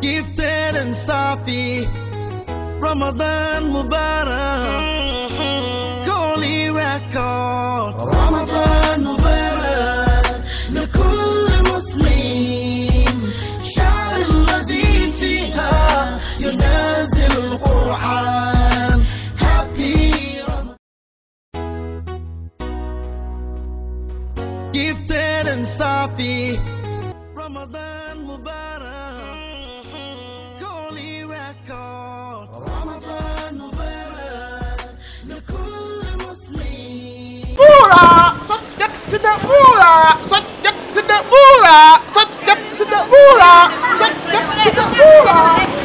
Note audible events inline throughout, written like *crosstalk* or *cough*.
gifted and Safi Ramadan Mubarak Singapura, sudah Singapura, sajak Singapura, sajak Singapura,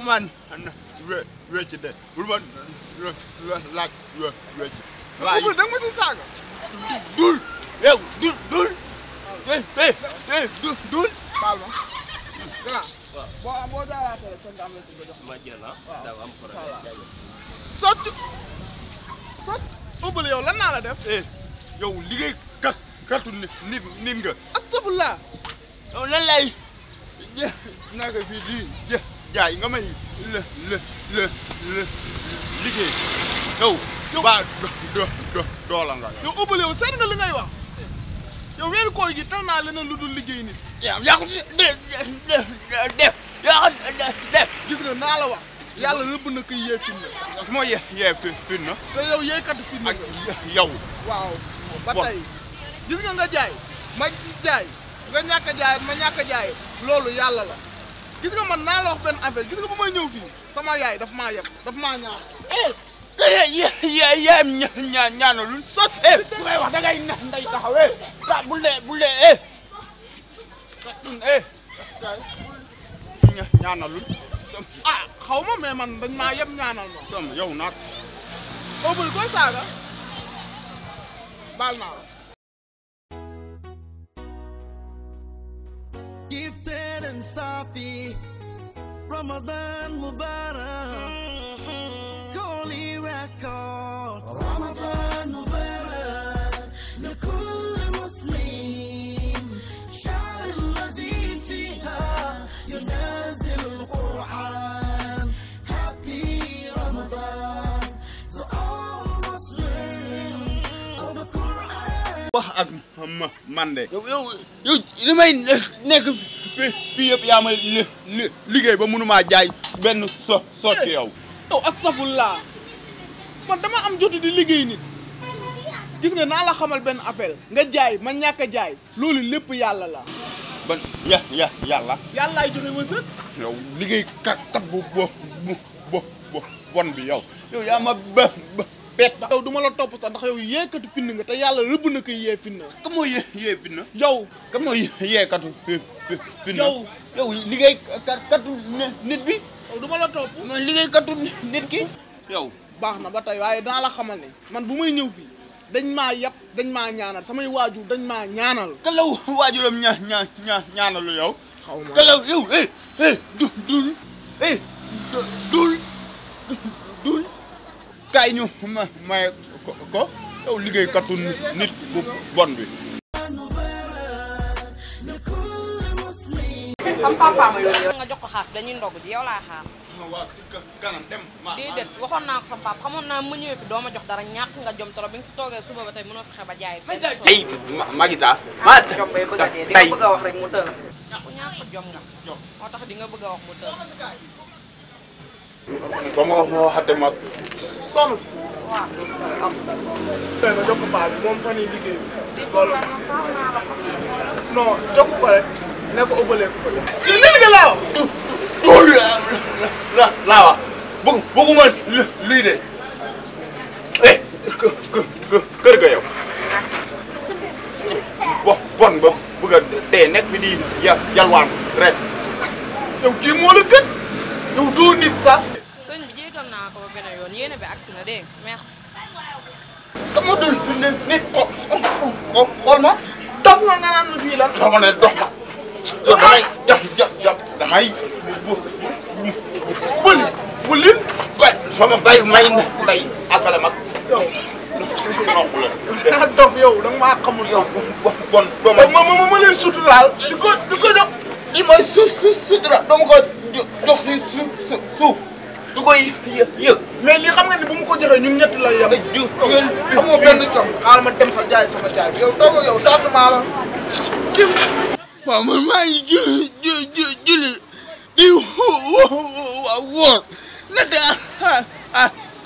yow man wecc de bul ma laaj wecc waaye da nga ma si saaga dul yow dul dul eh, eh, eh, dul dul baal ma grand boo am boo la ci jox ma jël na ah. da am problème sot sot ubbal yow la def yow liggéey kat fii di dạy ngắm mình l l l l li ke no ba do do do la nga yo ubule yo sen nga li ngay wax yow weeru koor gi tal naa leneen lu dul liggéey nit yaa yaa ko def yaa def gis nga naa la wax yàlla rëbb na koy yee fin na moo yee yee fi fin na te yow yeekat fin na yow waaw ba tey gis nga nga jaay ma jaay nga ñàkk a jaay ma ñàkk a jaay loolu yàlla la gis nga man naa la wax benn affaire gis nga ba may ñëw fii sama yaay daf maa yeb daf maa ñaan. yaay yaay ñaan ñaanal lu sot. bu eh. ngay wax da ngay nax nday taxaw eh. ah bul dee bul dee eh. eh. ñaanal lu. ah xaw ma mais man dañ maa yeb ñaanal ma. doom yow naat. koo bëri koo saaga baal naa la. Safi. Ramadan Mubarak. Golly Records. Ramadan. ma man de. yow yow li may nekk fii fii yëpp yaa may liggéey ba mënumaa jaay benn so sotti yow. yow astafurlah man dama am jotu di liggéey nit gis nga naa la xamal benn appel nga jaay man ñàkk jaay loolu lépp yàlla la. ban ya ya yàlla. yàllaay joxe wërsëg. yow liggéey kat kat bu bon bi yow yow yaa ma ba. bett yow du ma topp sax ndax yow yeekatu finn nga te yàlla rëbb na ko yee finna kan mooy yee finna yow kan mooy yeekatu finna yow nit bi du ma la topp katu nit ki yow baax na ba tey waaye danaa la xamal ne man bu may ñëw fii dañ maa yàpp dañ maa ñaanal samay waajur dañ maa ñaanal ka law waajuram ña ña ña ñaanalu yow xaw ma ka eh, eh, dul kay ñu maye ko yow liggéeykatu nit bu bon bi sam papa ma yooyu nga jox ko xaas dañuy ndog ji yow laa xaar waa si kanam dem déedéet waxoon naa ko sam papa xamoon naa ma ñëwee fi doo ma jox dara ñàkk nga jom trop bi nga fi suba ba tey mënoo fexe ba jaay ay magita ah, ma jom bay bëgg a di nga bëgg wax rek mu tël ñàkk ñàkk jom nga moo tax di nga bëgg wax mu tël soo ma wax ma waxate ma. soxna si. waaw am na. nga jokk paa bi moom fan yii liggéey loolu non jokk ko rek ne ko ëppalee ko. li li nga laawa. loolu la laawa bëgg bëgguma luy de eh kër ga yow. bo bon ba bëgg a dee nekk fi di yalwaan rek. yow kii moo la gën. yow doo nit sax. sëñ bi jégal naa ko ba beneen yoon yéene bi agsi na dégg merci. ka ma doon dundee nit ko ko xool ma dof nga nga naan fii ne dox ma yow damay jàpp jàpp bay sama may na lay akala mag yow. yow da nga maa xamul sax. bon bon ma ma ma ma leen suturaal. di ko di ko dox li mooy su su jox si su suuf du koy yë yëg. mais li xam nga ni bu mu ko joxee ñun ñett la yem. ju xamoo benn cox xaaral ma dem sa jaay sama jaay yow toog yow taatu maa la. waaw man maa ngi ju ju ju julli di wóor na te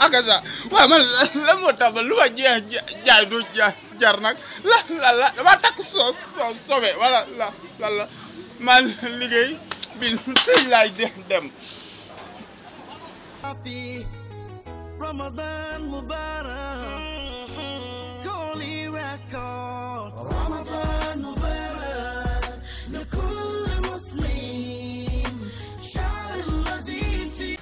ak sa waaw man lan moo tax ba lu ma jeex jaay du jar nag la la la damaa takk soo soo sobe wala la la la man liggéey. been sing like them. them. Happy Ramadan Mubarak, Golly Records. Ramadan Mubarak, لكل مسلم شعر الذي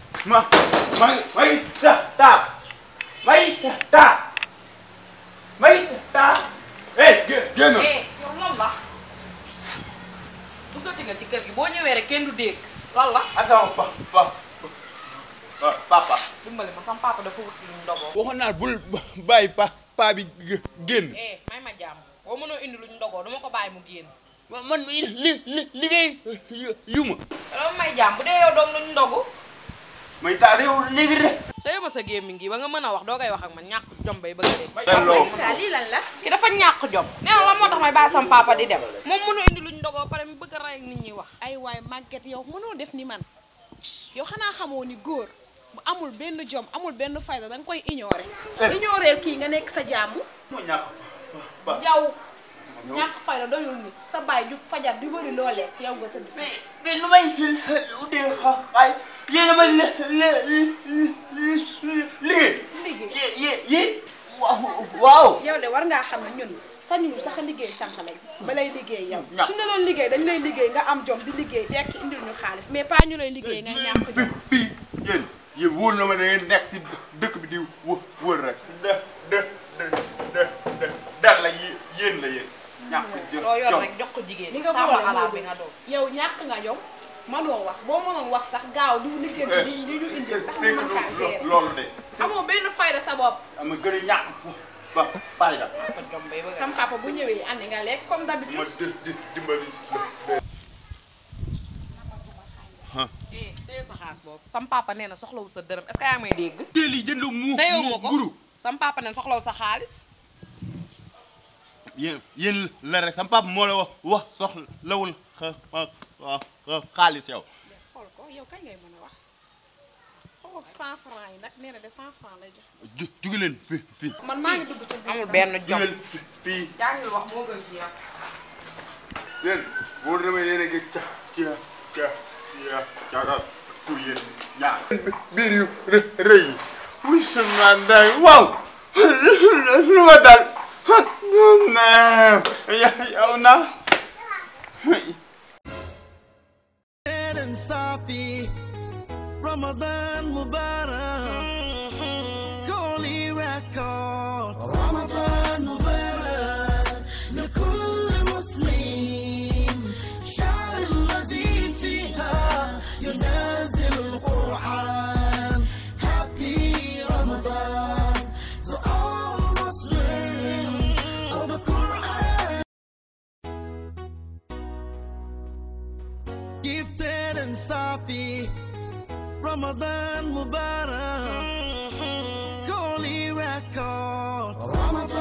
duggati nga ci kër gi boo ñëwee rek kenn du dégg loolu la. asama ah, pa pa papa. dimbali ma sama papa dafa wut lu mu ndogoo. waxoon naa bul bàyyi pa pa bi génn. eh may ma jàmm boo mënoo indi lu ñu ndogoo ko bàyyi mu génn. man li li li ngay yu ma. loolu may jàmm dee yow doom lu ñu ndogu. may taa réew rek. tey ma sa gémmiñ gi ba nga mën a wax doo koy wax ak man ñàkk jom bay bëgg a dem. lii lan la. ki dafa ñàkk jom. nee na la moo tax may bàyyi sama di dem. moom mënu indi luñ dogoo pare mi bëgg a rey nit ñi wax. ay waay màgget yow mënoo def ni man yow xanaa xamoo ni góor bu amul benn jom amul benn fayda danga koy ignorer. Eh. ignorer kii nga nekk sa jàmm. yow. ñàkk fay la doyul ni sa baay ju fajar di wëri loo lekk yow nga tëdd mais mais lu may udee xaay yéen ma le liggéey liggéey yéen yéen waaw yow de war ngaa xam ne ñun sañul sax liggéey sànq lañ hmm. ba lay liggéey yow su ne doon liggéey dañ lay liggéey nga am jom di liggéey dekk indil ñu xaalis mais pas ñu lay liggéey nga eh, ñàkk fii yéen yéen wóor na ma da ngeen nekk si dëkk bi di wër rek yor rek jox ko jigéen ñi nga doon yow ñàkk nga jom mënoo wax boo mënoon wax sax gaaw du liggéey eh, di di ñu indi sax mën kaa seere loolu sa bopp ama ah, gën a ñàkk fu bu ñëwee andi nga lekk comme d'habitude ma di dimbali eh, tey sa xaas boobu sam papa nee na soxlawul sa dërëm est que yaa may dégg teel sa xaalis yéen yéen la rek sama papa moo la wax wax soxlawul xaalis yow. xool ko yow kañ ngay mën a wax xool 100 francs yi nag nee na de 100 francs lay jox. ju jugu leen fii fii. man maa ngi dugg ci amul benn jom fii. jaangil wax moo gën ci yow. yéen boo demee yéen a ngi ca ca ca ca caaga ku yéen ñaar. biir yu rëy yi. wuy sama ndaay waaw *laughs* lu ma dal. Ne. Ja, ona. And Safi Ramadan Mubarak Records gifted and Safi. Ramadan Mubarak, Holy Records.